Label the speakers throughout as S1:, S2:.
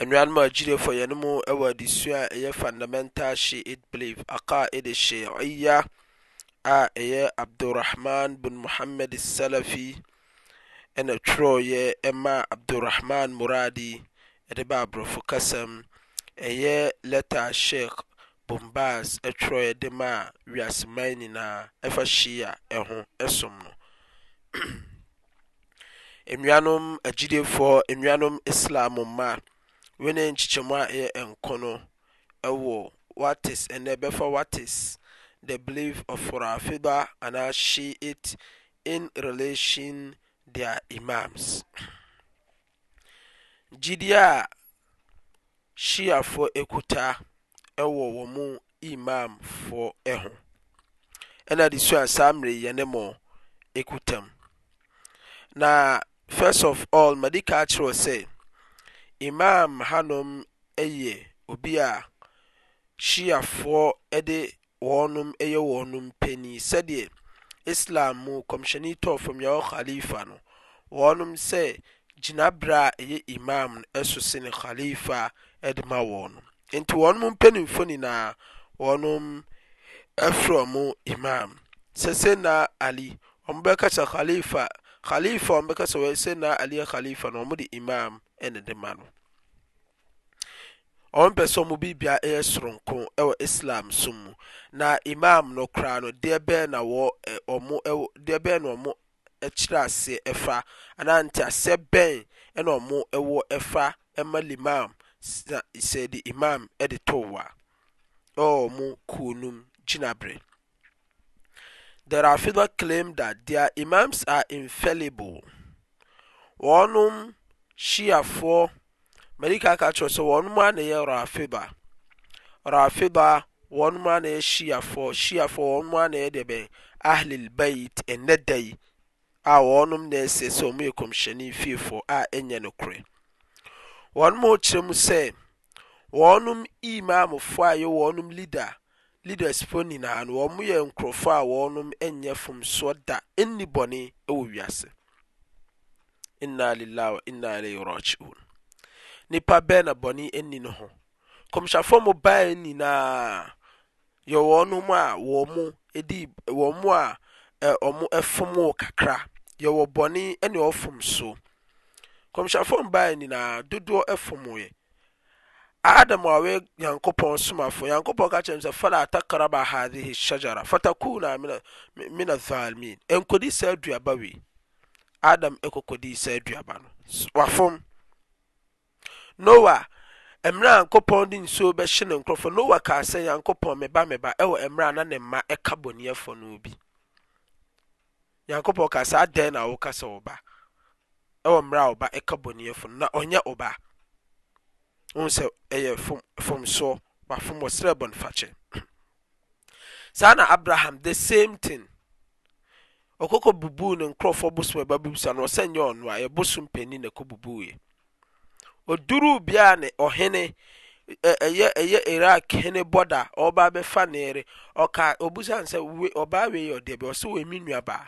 S1: nnuanom a agyidefo yɛno mu ɛwɔ adesuo a ɛyɛ fundamental sheit blive akaid syiiya a ɛyɛ abdurahman bin mohamed salafi na twerɛyɛ ma abdurahman moradi de baborɔfo kasam ɛyɛ leta shiik bombas twerɛɛ de ma a wiaseman nyinaa ɛfa hyiia ho som no nief nnanm islam ma weinenkyekyeɛmu aɛyɛ e, ɛnko no ɛwɔ e whates ɛnɛ e bɛfa whatis the belief offoraafeba anaahyie it in relation their imams gyidiɛa syiafoɔ ɛkuta ɛwɔ wɔ mu imamfoɔ ho ɛna de su asaa mmireyɛne wɔ ɛkutam na first of all m'adeka kyerɛ w sɛ imam hanom yɛ obi a shiafoɔ de wɔnom yɛ wɔn panin sɛdeɛ islam mu kɔmhyɛni tɔɔ fam khalifa no wɔnom sɛ gyinabere a ɛyɛ imam no so se khalifa de ma wɔn nti wɔn mpanimfoɔ nyinaa wɔn frɛ mo imam sɛ na ali wɔn bɛka sɛ khalifa khalifa wɔn bɛka sɛ wɔyɛ sɛ na ali yɛ khalifa no wɔn de imam ɛna de ma no wɔn pɛ sɛ wɔn biribia yɛ soronko wɔ islam so mu na imam no koraa no deɛ bɛɛ na wɔ wɔn ɛwɔ deɛ bɛɛ na wɔn akyerɛ aseɛ ɛfa anante nti aseɛ bɛn ɛna wɔn ɛwɔ ɛfa ɛma limam sɛ de imam ɛde towa ɛwɔ wɔn kuo no mu gyinaberɛ the rafida claim that their imams are infallible wɔnom. shiafoɔ malika aka kyerɛ sɛ wɔn mu a na yɛ rafiba rafiba wɔn mu a na yɛ shiafoɔ shiafoɔ wɔn mu a na yɛ deɛ bɛn ahlil bayit ɛnɛ da yi a wɔn na ɛsɛ sɛ wɔn yɛ kɔmhyɛni fiefoɔ a ɛnyɛ no korɛ wɔn mu kyerɛ mu sɛ wɔn imaamufoɔ a yɛ wɔn leader leaders fo nyinaa no wɔn yɛ nkurɔfoɔ a wɔn fom soɔ da ɛnni bɔne ɛwɔ wiase inna lillahi wa inna ilayhi raji'un nipa bɛɛ na bɔne ɛni ne ho kɔmhyɛfoɔ mu baeɛ nyinaa yɛ wɔn mu a wɔn mu edi wɔn mu a ɛ wɔn ɛfom wɔ kakra yɛwɔ bɔne ɛna ɔfom so kɔmhyɛfoɔ mu baeɛ nyinaa dodoɔ ɛfom yɛ adam a ɔyɛ nyankopɔn somafo nyankopɔn ka kyerɛ no sɛ fala atakaraba hadhihi shajara fatakuna mina mina zalimin nkodi saa aduaba wei adam kɔkɔdii saa aduaba no wafom noa mmerɛ a nkopɔn de nsuo bɛhye ne nkurɔfoɔ noa kaa sɛ nyankopɔn meba meba ɛwɔ mmerɛ na ne mma ɛka bɔneɛfoɔ no bi nyankopɔn kaa sɛ adɛn na woka sɛ ɔba ɛwɔ mmerɛ a ɔba ɛka bɔneɛfoɔ no na ɔnyɛ ɔba wohu sɛ ɛyɛ fomsoɔ wafom wɔserɛ bɔnefakyɛ saa na abraham the same thing ɔkɔkɔ bubuu ne nkurɔfoɔ bosom ɛba bibusa no ɔsɛ nyɛ ɔno a ɛbosom panyin na ɛkɔ bubuuɛ oduruu bia ne ɔhene ɛyɛ ɛyɛ iraq hene bɔda ɔba bɛfa neere ɔka obusa nsɛ we ɔbaa wei yɛ ɔdeɛ bi ɔsɛ wɔ emi nua baa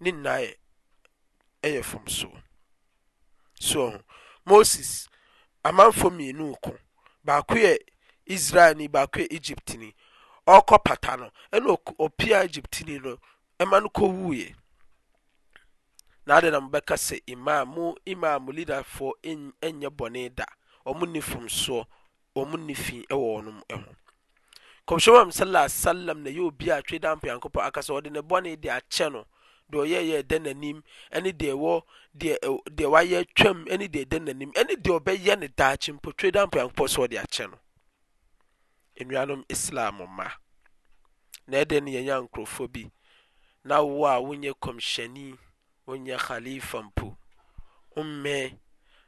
S1: ne nyinaa yɛ ɛyɛ fam so so moses amanfo mmienu ko baako yɛ israel ni baako yɛ egypt ni ɔkɔ pata no ɛna opia egypt ni no. ɛma no kɔwuiɛ na ade na mobɛka sɛ imam mo imam leaderfoɔ ɛnyɛ bɔne da ɔmo nni ɔmo ɛwɔ ɔnom ɛho kɔmhyɛm am sala salam na yɛ obi a twe da mpanyankopɔn aka sɛ ɔde ne bɔne de akyɛ no deɛ ɔyɛyɛ ɛdɛ n'anim ɛne deɛ ɛwɔ deɛ wayɛ twam ɛne deɛ ɛdɛ n'anim ɛne deɛ na woa wonyɛ kɔmsyani wonyɛ alifa mpu mɛ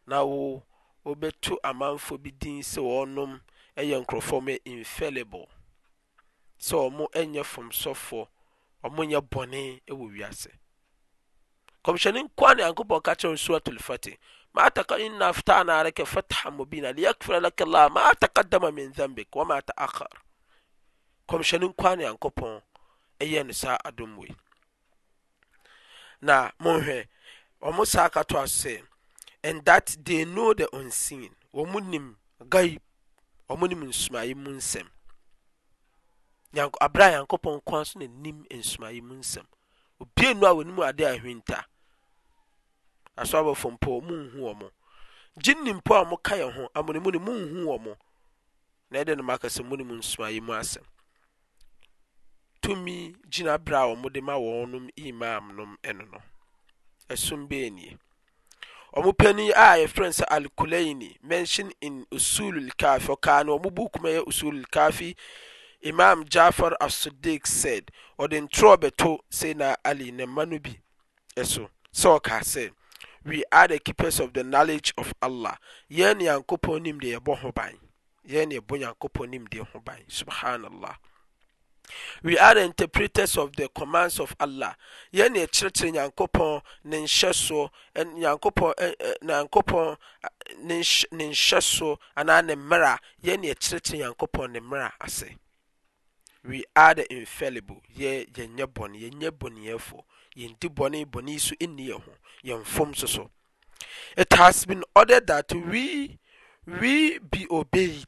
S1: na wo wobɛtu amanfo bidin sɛ wɔnom yɛ nkurɔfɔmɛ infalible sɛ ɔm nyɛ fomsɔfɔ ɔm nyɛ bɔne wɔ wiasɛ kɔsyane nk ne yankpɔn ka kerɛsuratati namatakadama min zambik ama taaa ksanekwne yankpɔnyo s na monhwɛ wɔn saa akato asɛ and that they know the unseen wɔn nim gai wɔn nim nsumayi mu nsɛm yanko abira yankopɔn kwan so na nim nsumayi mu nsɛm obie nu a wɔnim ade ahwinta aso abɔfo mpo wɔn nhu wɔn gye nimpo a wɔka yɛn ho amunimu ne mu nhu wɔn na ɛde ne mu akasa mu nim nsumayi mu asɛm. mgyinabrɛ mdmaɔnom imam nomnnas beni ɔmopani a yɛ frien sɛ alkulaini mention in usullkafe ɔkaa ne ɔmubukumayɛ usullkafe imam jaffar asodik sɛid ɔde ntorɔ bɛto sena ali n mma no biso sɛ ɔka sɛ we are the keepers of the knowledge of allah ynkpɔdeɛnb nyankopɔn nimdeɛ ho ban sbhanlah we are interpreters of the commands of allah ni ɛkyerɛkyerɛ nyankopɔn ne nhyɛ soɔ nyankopɔn nyankopɔn ne nhyɛ soɔ anaa ne mmerɛ ni ɛkyerɛkyerɛ nyankopɔn ne mmerɛ ase we are the infallible yɛ yɛnyɛ bɔne yɛnyɛ bɔneyɛfo yɛndi bɔne bɔne so nni yɛ ho yɛmfom so so it has been ordered that we we be obeyed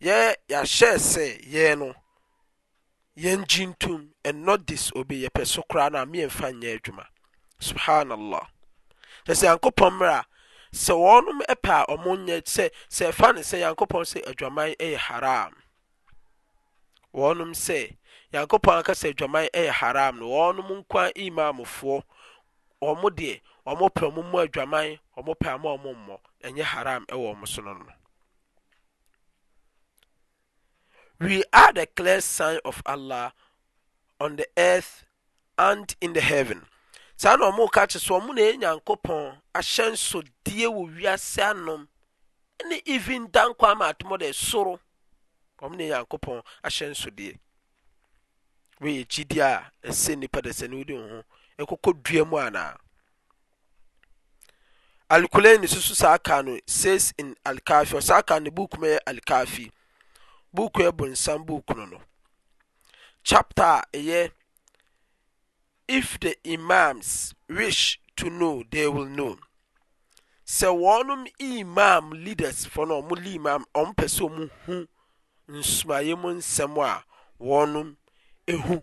S1: yɛ yɛahyɛ sɛ yɛ no yɛngye ntom and obi yɛpɛ so koraa no a meɛmfa nyɛ adwuma subhanallah sɛ sɛ mmerɛ a sɛ wɔnom pɛ a ɔmo nyɛ sɛ sɛ ɛfa ne sɛ sɛ adwaman yɛ haram wɔnom sɛ nyankopɔn aka sɛ adwaman yɛ haram no wɔnom nkwa imamfoɔ ɔmo deɛ ɔmo pɛ ɔmo mu adwaman haram ɔmo weare the clears sign of allah on the earth and in the heaven saa na ɔmooka kye so ɔmo neɛ nyankopɔn ahyɛ nsodeɛ wɔ wiase anom ne even dankɔ amaatom de soro ɔmo neɛ nyankopɔn ahyɛ nsodeɛ weiyɛ gyidie a ɛsɛ nnipa dɛ sɛne wo di n ho ɛkɔkɔ dua mu anaa alkolan ne susu saa kar no says in alkafi ɔsaa ka ne burukuma yɛ alkafi buuku abu nsan buuk no no chapte a yɛ if the imams wish to know they will kno sɛ wɔnom imam leaders fɔ no ɔmo leimam ɔm pɛ sɛ muhu nsmayimu nsɛm a wɔnom hu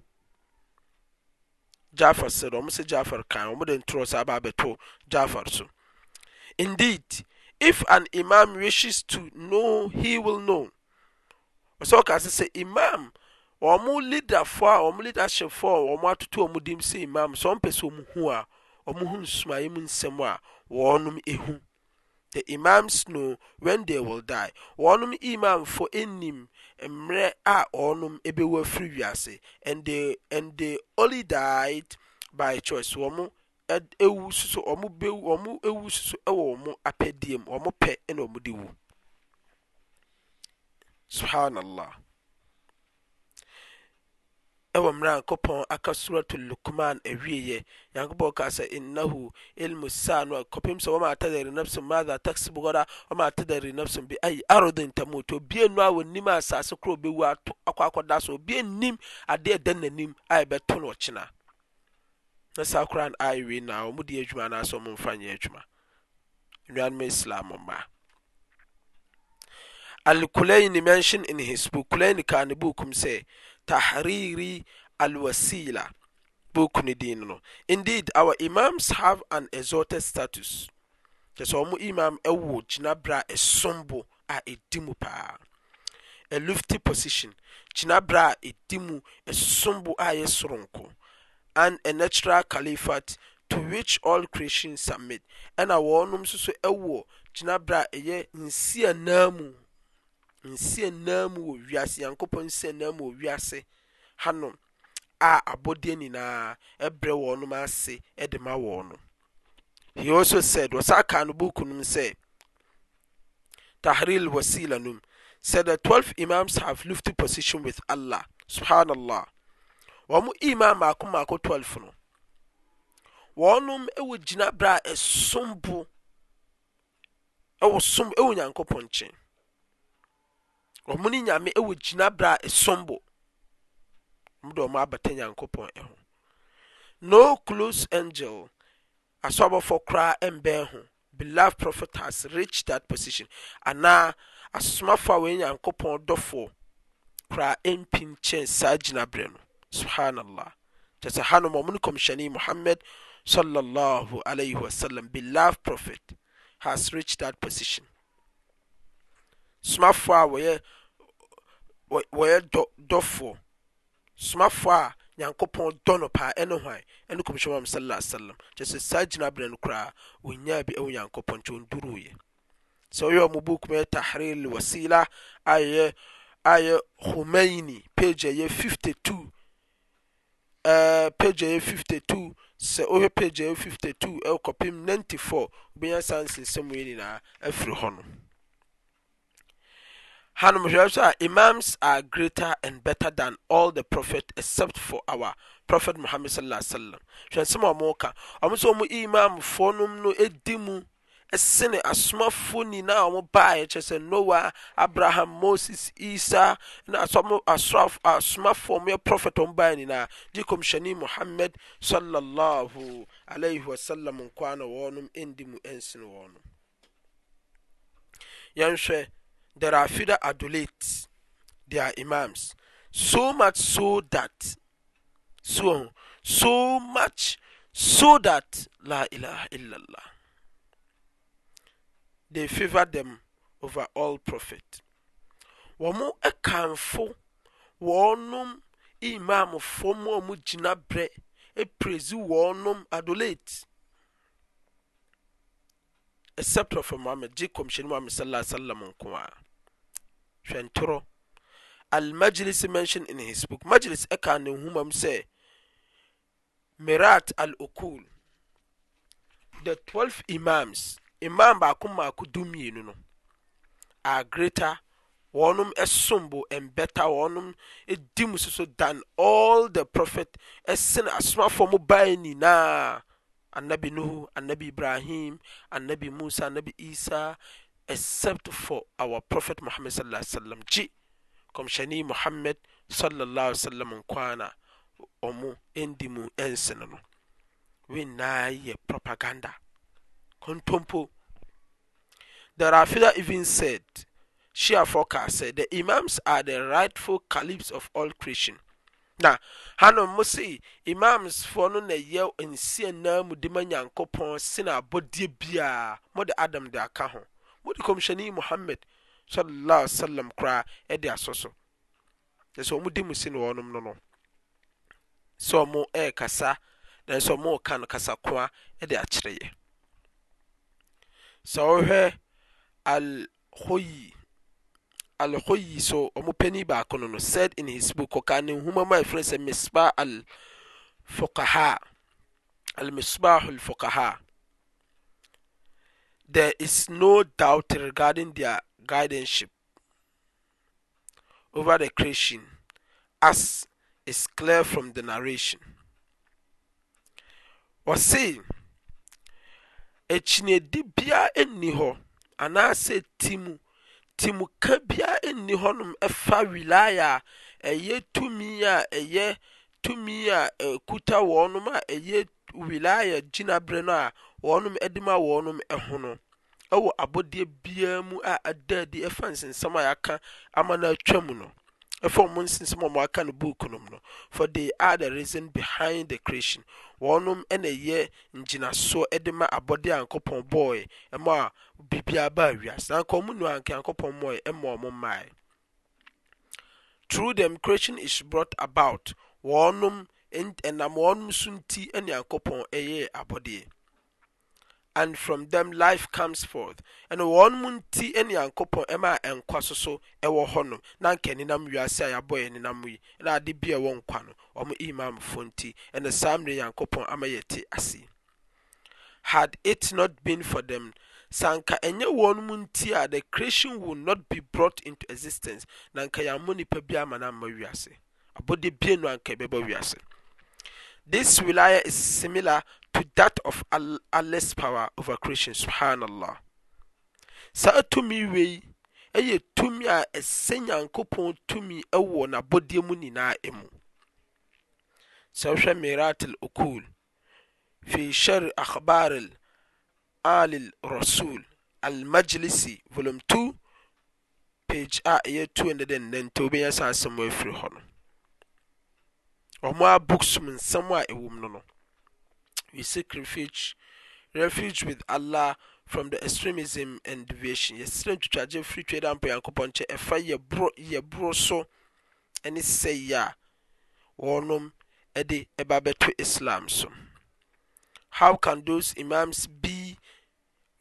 S1: jafar sid ɔm s jaffar ka mdtɔs babɛt jafar so indeed if an imam wishes to know he will kno ɔsɛ ɔka sɛ sɛ imam wɔn leaderfoɔ a wɔn leadershipfoɔ a wɔn atoto wɔn dim sɛ imam sɛ wɔn pɛ sɛ wɔn hu a wɔn hu nsumaeɛ mu nsɛm a wɔn ehu the imams know when they will die wɔn imam for enim mmerɛ a wɔn ebɛwɔ afiri wiase and they and they only died by choice wɔn ewu soso wɔn bɛwu wɔn ewu soso ɛwɔ wɔn apɛdeɛ mu wɔn pɛ ɛna wɔn de wu. subhan allah w merɛankpɔn aka surat lukman wiɛ yakpɔnasɛ inah ilmsansaens mattasaare nsmarntamotnnsase kktonkenasa krnnmdmnmfaydumislamm alkulaine mention in hisbook colain kar ne buukum sɛ tahriri alwasila buuk no din n no indeed our imams have an exorted status ɛr sɛ omo imam ɛwɔ gyinaberɛ a som bo a ɛdi mu paa alufty position gyinaberɛ a ɛdi mu sombo ayɛ soronko and a natural califat to which all creations submit ɛna wɔɔnom nsoso wɔ gyinaberɛ a ɛyɛ nsianaamu nsia nyinaa mu wɔ wiase nyankopɔn nsia nyinaa mu wɔ wiase hanom a abɔdeɛ nyinaa ɛbrɛ wɔn ase ɛde ma wɔn he also said wɔsa aka no buku no sɛ tahril wasila no said the twelve imams have lofty position with allah subhanallah wɔn imam mako mako twelve no wɔn ɛwɔ gyina bere a ɛsom bo ɛwɔ som ɛwɔ nyankopɔn nkyɛn ɔmono nyame ɛwɔ gyinaberɛ a som bɔ mdɔ ɔma abata nyankopɔn ɛho no clos angel aso abɔfoɔ koraa mbɛn ho belove prohet has richthat position anaa asosomafo a wɔi nyankopɔn dɔfoɔ koraa mpinkyɛn saa gyinaberɛ no subhanlah kyɛɛ sɛ hanom ɔmono kɔmhyɛne yi mohammed swsm belove proethrchps sofoɔ wyɛ dɔfoɔ somafoɔ a nyankopɔn dɔ no paa ɛne hwan neɔɛ saslam nkyɛsɛ saa gyina berɛn koraa ɔnya bi wɔ nyankopɔn nkyɛ ɔnduroɛ sɛ ɔyɛ mu buukuma yɛ tahrir lwasila yɛ homaini pg52pag 52 sɛ ɛpag 52 p nt4 byasaa nsensɛmynyinaaafii h n hanmhwɛ sɛ a imams are greater and better than all the prophet except for our prohet mohamed ssalam hwɛnsɛm ɔmoka ɔmo sɛ ɔmu imamfɔnom no di mu sene asomafɔ nyinaa ɔmo ba ɛkyerɛ sɛ noa abraham moses isa nasomafo ɔmoyɛ profet ɔmo baa nyinaa gye kɔmhyɛne mohamad swasam nkoana wɔnom ndimu nsine wɔ no dolatetear imams somc so much so that laiilala e favor tem over all prohit ɔ mo kamfo wɔ nom imam fo mamo gyina brɛ preize wɔ nom adolete cepysslm hɛto almageles mention in his book mageles ka nehoma mu sɛ mirat alokul the 12 imams iman baakomaakodienu no agreta wɔnom som bo mbɛta wɔnom di mu soso dan all the prophet sene asomafoɔ mo baɛ nyinaa anabi nohu annabi ibrahim anabi mosa annabi isa except for our profet mohamed ssalam gyi cɔmhyɛni mohammed sllsallm nkwana ɔmo ndi mu ɛnseno no wenaa yɛ propaganda ɔntompo the rafida even said shiafoca sai the imams are the rightful calips of all christian ahanom mo se imamfoɔ no na yɛ nsianaa mude ma nyankopɔn se ne abɔdeɛ biaa mode adam de aka ho mode kɔmihyɛne yi mohammed sallah wasalam koraa de asɔ so sɛ ɔmudi mo si no wɔnom no no sɛ ɔ mo ɛ kasa dɛsɛ ɔmoɔka no kasakoa de akyerɛɛ sɛ wohwɛ alhoyi so ɔmo baako no no said in his book ɔka ne nhoma mu a yɛfrɛ sɛ is no doubt regarding their guardianship over the creation as is clear from the narration wɔse ekyinedi bia enni hɔ anaasɛ ti mu nti mo ka bia ɛnni hɔnom ɛfa wilaia a ɛyɛ tumii a ɛyɛ tumi a kuta wɔɔ nom a ɛyɛ wilia gyinaberɛ no a wɔɔ nom de ma wɔɔ nom ho no ɛwɔ abɔdeɛ biara mu a adaadi ɛfa nsensɛm a yɛaka ama no atwa mu no For ɔmo nsensɛm ɔmo aka no book no mu for they are the reason behind the creation wɔnom ɛna ɛyɛ ngyinasoɔ de ma abɔde a nkɔpɔn bɔɔɛ ɛmo a biribiara baa wiase na nka ɔmo nua nka nkɔpɔn mɔɛ ɛma ɔmo mmae through them creation is brought about and wɔnom ɛnam wɔnom so nti ɛne nkɔpɔn ɛyɛ abode and from them life comes forth ɛna wɔn mu nti ɛne yankopɔn ɛma nkwa soso ɛwɔ hɔnom na nka nenam wiase a yɛabɔ yɛ nenam yi na ade bi a ɛwɔ nkwa no wɔn imamfo nti ɛna saa mmerɛ yankopɔn ama yɛte ase had it not been for them sanka ɛnyɛ wɔn mu nti a the creation would not be brought into existence na nka yɛammo nipa bi ama no amma wiase abɔde bie no anka ɛbɛbɔ wiase this wilaya is similar to that of Allah's power over creation subhanallah saa tumi wei ɛyɛ tumi a ɛsɛ nyankopɔn tumi ɛwɔ n'abɔdeɛ mu nyinaa mu sɛ wohwɛ miratil ukul fi shar akhbar al rasul al majlisi volume two page a ɛyɛ 290 wobɛnya saa asɛm afiri hɔ no ɔmo a books mu nsɛm a ɛwɔ mu no no we seek refuge refuge with allah from the extremism and deviation yɛsrɛ ntwitwagye firi twe da mpo nyankopɔn nkyɛ ɛfa yɛboro yɛboro so ne sɛyi a wɔnom de ɛba bɛto islam so how can those imams be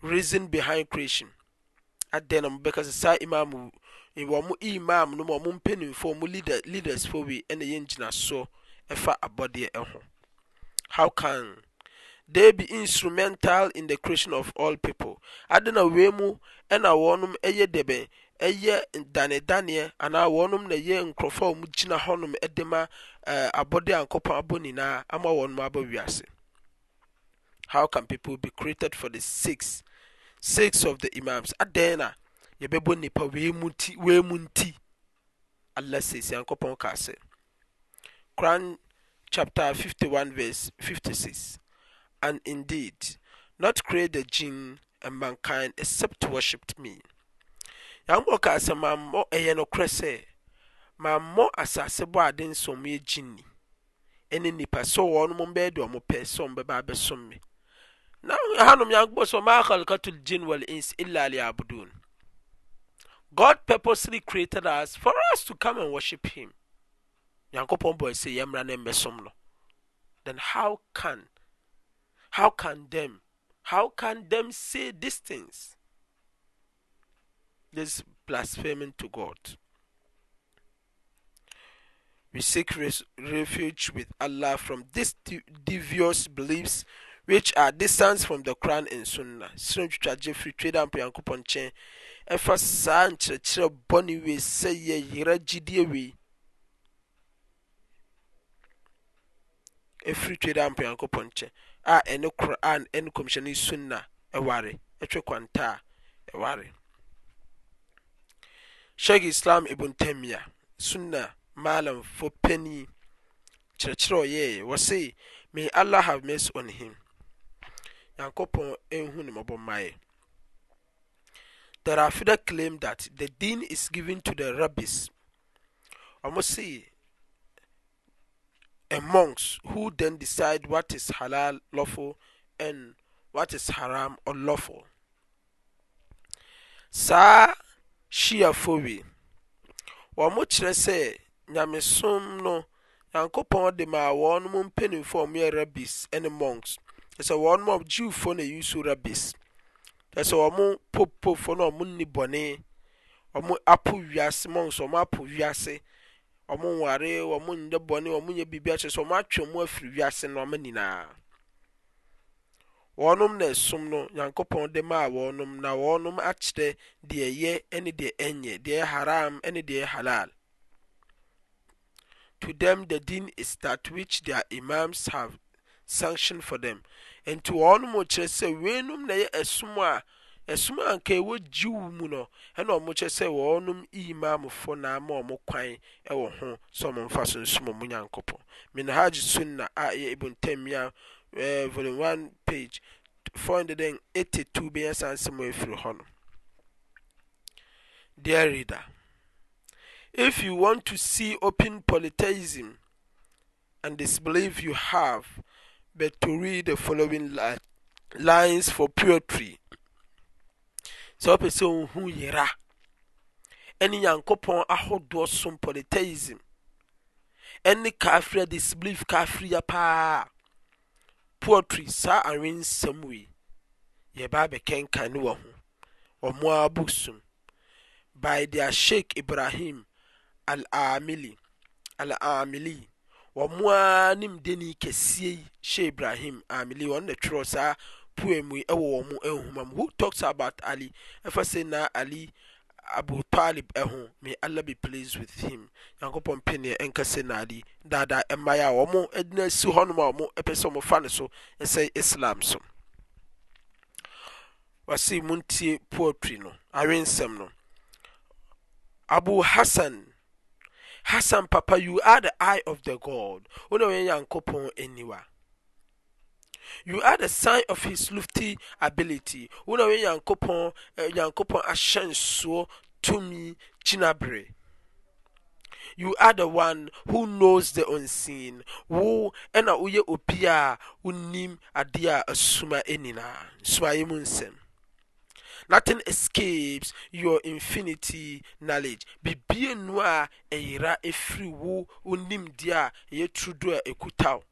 S1: reason behind creation adɛn na mobɛka sɛ saa imam wɔ mo imam no ma ɔmo mpanimfoɔ ɔmo leader leaders fo wi ɛna yɛngyina soɔ ɛfa abɔdeɛ ho how can tdey be instrumental in the creation of all people ade eh, na we mu ɛna wɔnom yɛ dabɛn yɛ danedaneɛ anaa wɔnom na yɛ nkorɔfa mu gyina hɔnom de ma abɔde ankopɔn abɔ nyinaa ama wɔnom abɔ wiase how can people be created for the s sikes of the imams adɛn na yɛbɛbɔ nnipa wemu nti alsesie ankopɔn kase korn 5156 And indeed, not created jinn and mankind except worshipped me. Yàmbọ̀ kaa sɛ mammɔ ɛyɛ nokorɛ sɛ mammɔ asase bɔ ade nsɔmyɛ gyinni ɛne nipa sɛ wɔn mo bɛyɛ deɛ ɔmo pɛ sɛ ɔmo bɛba abɛsom me. Na hanom yankpɔ sɛ maa khalqatul jinn wal ins illa liyabudun. God purposely created us for us to come and worship him. Nyankopɔn bɔ ɛsɛ yɛmmra ne mmɛsom no. Then how can how can them? How can them say these things? This blaspheming to God. We seek res- refuge with Allah from these devious beliefs which are distant from the Quran and Sunnah. Sunnah twitwa Jeffrey Trader Trader and Yankopo chain aɛne quran ne commisione sunna ware twe kwantaa ware shekh islam ibntamia sunna malemfo pani kyerɛkyerɛɔyɛ wɔ se may allah have mess on him nyankopɔn hu ne mbɔ ma the rafida claim that the dean is given to the rabbyesms and monks who then decide what is halal lawful and what is haram unlawful saa shiafo wi wɔn kyerɛ sɛ nyamesom no nyankopɔn de maa wɔn mu mpanimfoɔ a wɔyɛ rabbis ne monks ɛsɛ wɔn mo jewfoɔ na yusu rabbis ɛsɛ wɔn popofoɔ na wɔn nni bɔne wɔn apo wiase monks wɔn apo wiase. ɔmonware mo bɔne ɔmoyɛ birbia akyerɛ sɛ ɔma atweɛmu afiri wiase no ɔma nyinaa wɔɔnom na asum no nyankopɔn de ma a wɔɔnom na wɔɔnom akyerɛ deɛ yɛ ne deɛ nyɛ deɛɛ haram ne deɛɛ halal to tem the dean is that which their imams have sanctiond for them nti wɔɔnom okyerɛ sɛ weinum nayɛ asom a anka ɛwɔ mu no ɛna ɔmo kyɛ sɛ wɔnom na ama ɔmo kwan ɛwɔ ho sɛ ɔmo so nsom ɔmo nyankopɔn minhaj sunna a ɛyɛ ibn tamia volume one page four hundred and eighty two bɛyɛ efiri hɔ no dear reader if you want to see open polytheism and disbelief you have but to read the following lines for poetry sɛ wɔpɛ sɛ ɔhu yera ɛne nyankopɔn ahodoɔ som polytheism ɛne kafria disbelief kafria paa poetry saa awensɛm wei yɛbaa bɛkenka ne wɔ ho ɔmo a by their sheikh ibrahim al-amili al-amili wɔn a deni kɛseɛ yi sheikh ibrahim amili wɔn na twerɛ saa poem yi wɔ wɔn nhoma mu who talks about ali ɛfɛ sɛ na ali abu talib ɛho may allah be pleased with him nyankopɔn pene ɛnka sɛ na ali daadaa mmaa a wɔn ɛdina si hɔnom a wɔn ɛpɛ sɛ wɔn fa ne so ɛsɛ islam so wasi mu ntie poetry no awensɛm no abu hassan hassan papa you are the eye of the god wɔn a wɔyɛ nyankopɔn aniwa. you are the sign of his lofty ability wo na wɔyɛ nyankopɔn eh, nyankopɔn ahyɛnsoɔ tumi gyinabere you are the one who knows the unseen wo ena uye obi unim adia adeɛ a asuma nyinaa nsumayɛ mu nothing escapes your infinity knowledge bibie nu eira ɛyera ɛfiri wo wonim deɛ a ɛyɛ turudo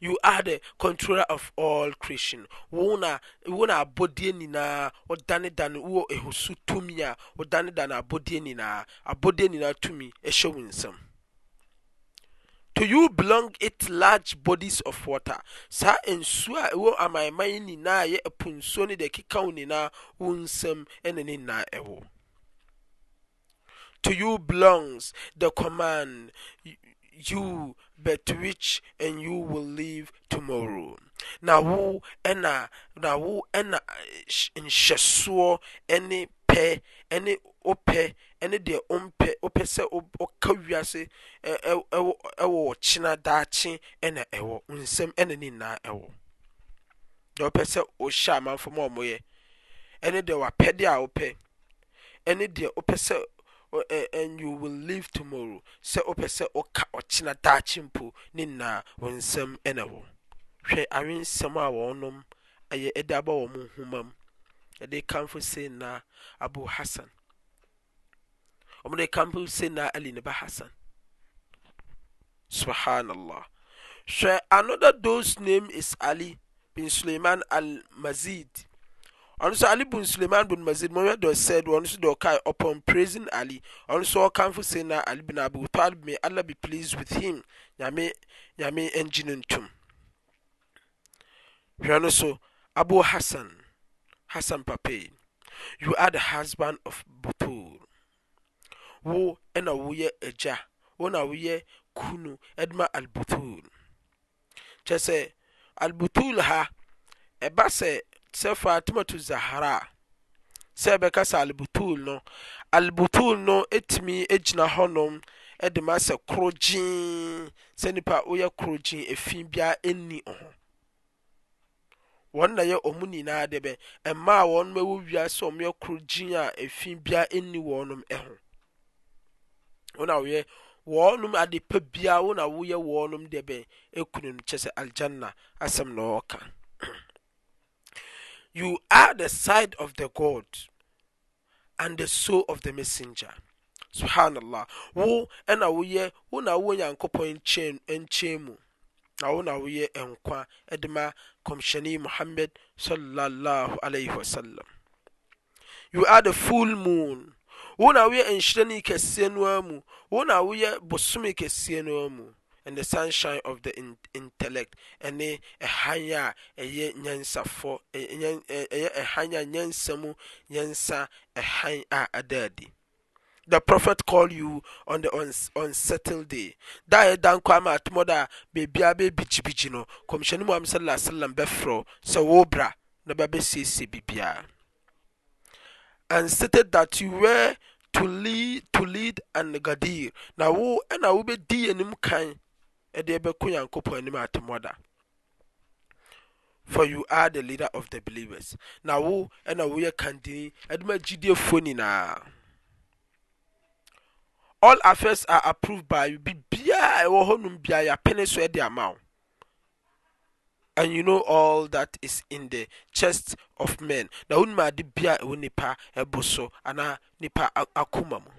S1: you are the controller of all creation Wona, wona wo na abɔdeɛ nyinaa dane wo ehosu tumi a ɔdane dane abɔdeɛ nyinaa abɔdeɛ nyinaa tumi ɛhyɛ wo nsam to you belong it large bodies of water Sa nsuo a wo amanman nyinaa yɛ ɛpo nsuo ne deɛ ɛkeka wo nyinaa wo nsam ɛne ne nyinaa ɛwɔ to you belongs the command you bet which and you will leave tomorrow na wo ɛna na wo ɛna nhyɛsoɔ ɛne pɛ ɛne opɛ ɛne deɛ ompɛ opɛ sɛ ɔka wiase ɛwɔ ɛwɔ kyena daakye ɛna ɛwɔ nsɛm ɛna ne nyinaa ɛwɔ deɛ ɔpɛ sɛ ɔhyɛ amanfo ma ɔmo yɛ ɛne deɛ wapɛdeɛ a ɔpɛ ɛne deɛ ɔpɛ sɛ Eh, eh, anyou will leve tomorrow sɛ wo pɛ sɛ woka ɔkyena daakye mpo ne nnaa wo nsɛm ɛna wɔ hwɛ awensɛm a wɔ nom ayɛ ɛde abɔ wɔ m homa m ɛdekamfo see nnaa abu hassan modekampo se nnaa ali ne ba hasan subhanallah hwɛ another dos name is ali bin suleyman almazid ɔn so ali bun suleman bun mazid mow dɔsed ɔn so dɔkae ɔpɔm prasen ali ɔnso ɔkamfo se no alibin abutolbma allah be please with him nyame ngyino ntom hwɛ no so abo hasan hasan papa you are the husband of botol wo na woyɛ agya wonawoyɛ kunu duma albothool kyeɛɛ sɛ albotuol habas sɛ fatimatu zahara sɛ ɛbɛka sɛ albutul no albutul no ɛtumi gyina hɔnom de ma sɛ koro gyee sɛ nipa a woyɛ koro gyee efi biara ɛnni ho wɔn na yɛ ɔmo nyinaa de bɛ mmaa a wɔn ɛwɔ wiase ɔmo yɛ koro gyee a efi biara ɛnni wɔn ho wɔn a wɔyɛ wɔn ade pa biara wɔn a wɔyɛ wɔn de bɛ ɛkunu no kyɛ sɛ aljanna asɛm na ɔka. You are the side of the God and the soul of the messenger. Subhanallah. Wo ɛna woyɛ wo na wo nyankopɔn nkyɛn mu na wo na woyɛ nkwa ɛde ma kɔmhyɛne Muhammad sallallahu alayhi wasallam. You are the full moon. Wo na woyɛ nhyerɛne kɛseɛ no mu. Wo na woyɛ bosumi kɛseɛ no mu. e sunshine of the intellect ɛne fyɛ aanyɛnsamu yɛsa han a adaadi the prophet call you on the unsettleday da ɛdankɔ amatomda berbia bɛbigyebigyi no kɔmhyɛ ne muamsslm bɛfrɛ sɛ wo bra na bɛbɛsesiee birbiara ansted that youwer to lead an gadir naonawobdi nmka ɛde ɛbɛkɔ nyankopɔn anim atemɔda for you are the leader of the believers na wo ɛna woyɛ kandini ɛduma gyidiefoɔ nyinaa all affairs are approved by you biribiaa ɛwɔ hɔnom biaa yɛapene so ɛde ama wo and you know all that is in the chest of men na wonim ade bia ɛwɔ nipa ɛbo so anaa nipa akoma mu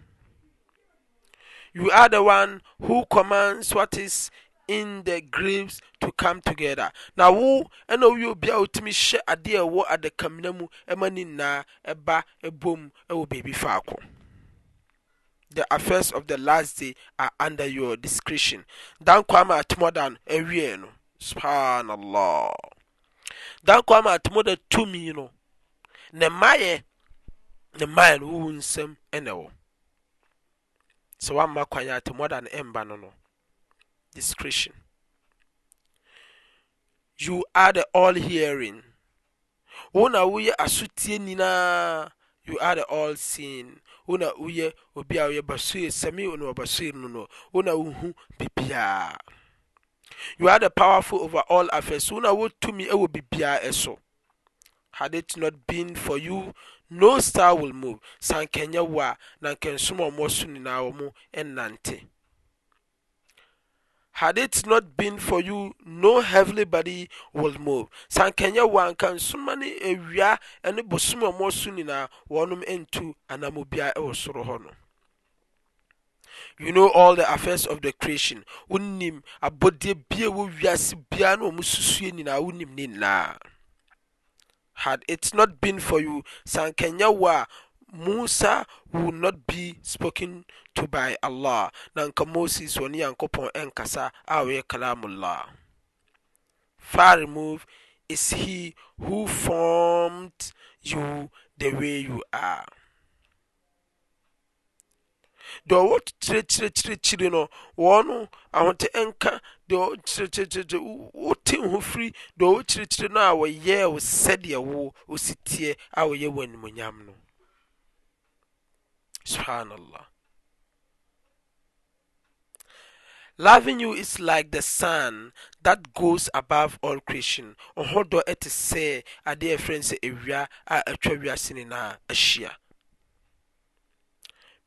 S1: you are the one who commands what is in the graves to come together na wo ɛna woyɛ obi a wotumi hyɛ adeɛ a ɛwɔ adakamena mu ɛma ne nyinaa ɛba ɛbom ɛwɔ baabi faako the affairs of the last day are under your discretion dan kwame atimodan ɛwiɛ no subhanallah dan kwame atimodan tumi no ne mmaayɛ ne mmaayɛ no wowu nsɛm ɛna ɛwɔ sɛ woamma kwan yɛ atimodan ɛmba no no hl hearin wo na woyɛ asotie nyinaa lsn wonawsmnbsnnwonawohu bibiaa outhe powerfl over ll affas wona wotumi wɔ bibiaa so had it not been for you no star will move sankayɛ wo anankesommoso nyinaa mu had it not been for you no heavenly body would move San Kenya wo anka nsoma ne awia ne bosom a ɔmɔso nyinaa wɔnom ntu anamo biara ɛwɔ you know all the affairs of the creation wonim abodie bia wɔ wiase biara na ɔmo susue had it not been for you San Kenya wa. musa will not be spoken to by allah na nka moses wɔ ne nyankopɔn nkasa a ɔyɛ kalamullah far remove is he who formed you the way you are deɛ ɔwɔ kyerɛkyerɛkyerɛkyerɛ no wɔn no ahote nka deɛ ɔwɔ kyerɛkyerɛkyerɛ wote ho firi deɛ ɔwɔ kyerɛkyerɛ no a wɔyɛ wo sɛdeɛ wo ositeɛ a wɔyɛ wɔ animonyam no Subhanallah. Loving you is like the sun that goes above all creation. Ɔhɔ say, a dear friend, yɛfrɛ if sɛ are a are sinning, a Shia.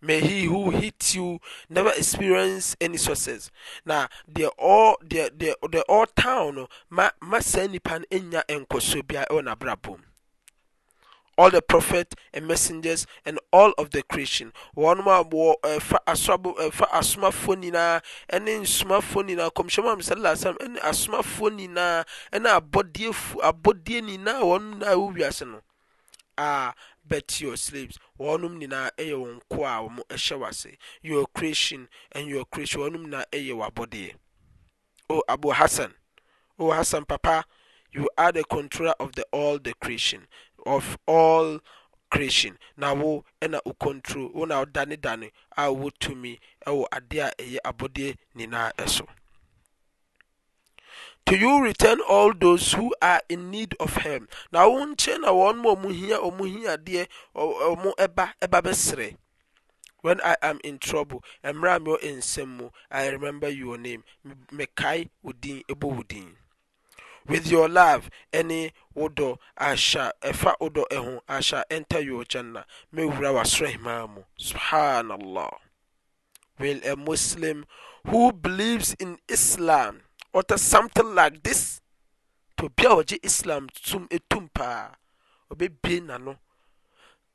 S1: May he who hit you never experience any success. Now the all the the deɛ ɔɔtan no ma ma saa nipa no nya all the prophets and messengers and all of the creation wɔn a wɔ ɛfa and then asomafoɔ nyinaa ɛne nsomafoɔ nyinaa kɔmhyɛn mu amisala asam ɛne asomafoɔ nyinaa ɛne abɔdeɛ fu abɔdeɛ nyinaa wɔn nyinaa ɛwɔ wiase no a bet your slaves wɔnom nyinaa ɛyɛ wɔn ko a wɔn ɛhyɛ wase your creation and your creation wɔnom nyinaa ɛyɛ wabɔdeɛ o abu Hassan. o Hassan papa you are the controller of the all the creation of all creation na wo na wo control wo na danedane a wo tumi wɔ adeɛ a ɛyɛ abɔdeɛ nyinaa ɛso to you return all those who are in need of help na wo nkyɛn na wɔn mu ɔmo hia ɔmo hia adeɛ ɔmo ɛba ɛba bɛsrɛ when i am in trouble i remember your name mekae wo din ɛbɔ with your love any odo ahyɛ efa odo ɛho ahyɛ enter your jannah me w'asoro ɛmaa mu subhanallah will a muslim who believes in islam or something like this to be a wɔgye islam tum etum paa ɔbɛbie n'ano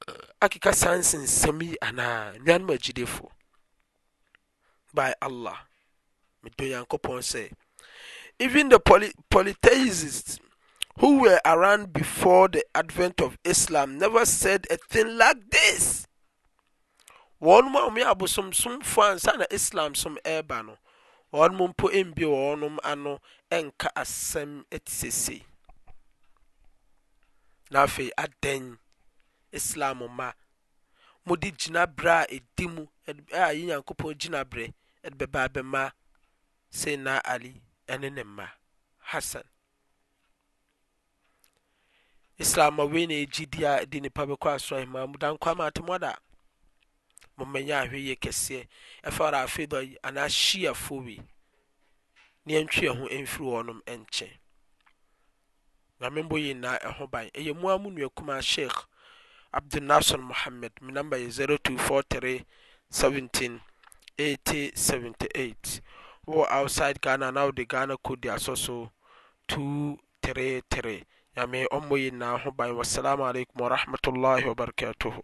S1: eh, akeka saa nsensɛm yi ana nnuanom agyidefo by allah medɔ nyankopɔn sɛ even the poly- polytheists who were around before the advent of Islam never said a thing like this. wɔn mu a wɔyɛ abosomsomfoɔ ansa na islam som ɛreba no wɔn mu mpo mbie wɔn ano nka asɛm ti sese na afei adan islam ma mode gyinabere a ɛdi mu a yi nyankopɔn gyinaberɛ ɛde bɛba abɛma sɛ na ali ɛne ne mma hassan islam awe na egyidi a di nipa kɔ bɛkɔ asɔre mu dan amu dan kwama atemɔda mɔmɛnya ahwɛ yie kɛseɛ ɛfa ɔra afei dɔ yi anaa hyia fowi ne ɛntwi ɛho ɛmfiri wɔnom ɛnkyɛn nyame mbɔ yi na ɛho ban ɛyɛ mu amu nua kuma sheikh abdul nasir muhammed mi namba yɛ zero two four three seventeen eighty seventy eight. wɔ outside ghana na wɔde ghana kodi asɔ so 233 nyame ɔmmɔ yi nyinaa ho ban wassalamu alaikum warahmatullahi wabarakatuhu